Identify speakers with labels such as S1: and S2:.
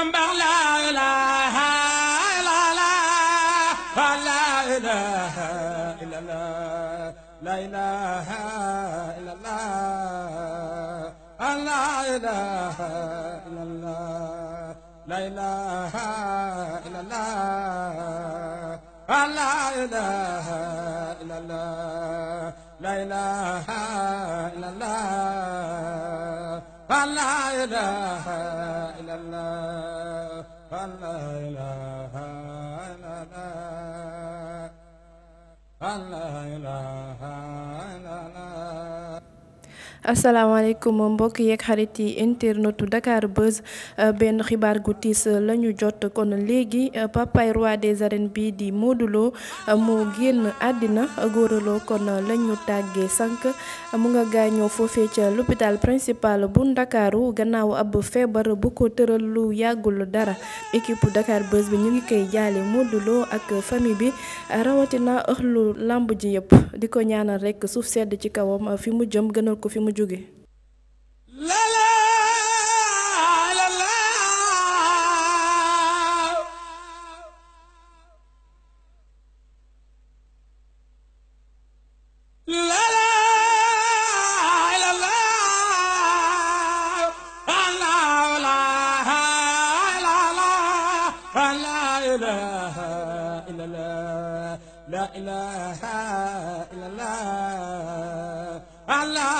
S1: bamba la ilaha illa la an la ilaha illallah an la ilaha illallah an la ilaha
S2: asalaamaaleykum mbokk yeeg xarit yi internetu Dakar Buzz euh, benn xibaar gu tiis la ñu jot kon léegi euh, papay roi des arènes bi di Modou moo euh, génn àddina góoraloo kon la ñu tàggee sànq mu nga gaañoo foofee ca l'hôpital principal bu ndakaaru gannaaw ab feebar bu ko tëral lu yàggul dara équipe Dakar Buzz bi ñu ngi koy jaale Modou ak famille bi rawatina ëxlu làmb ji yëpp di ko ñaanal rekk suuf sedd ci kawam fi mu jëm gënal ko fi mu ma jóge
S1: Allah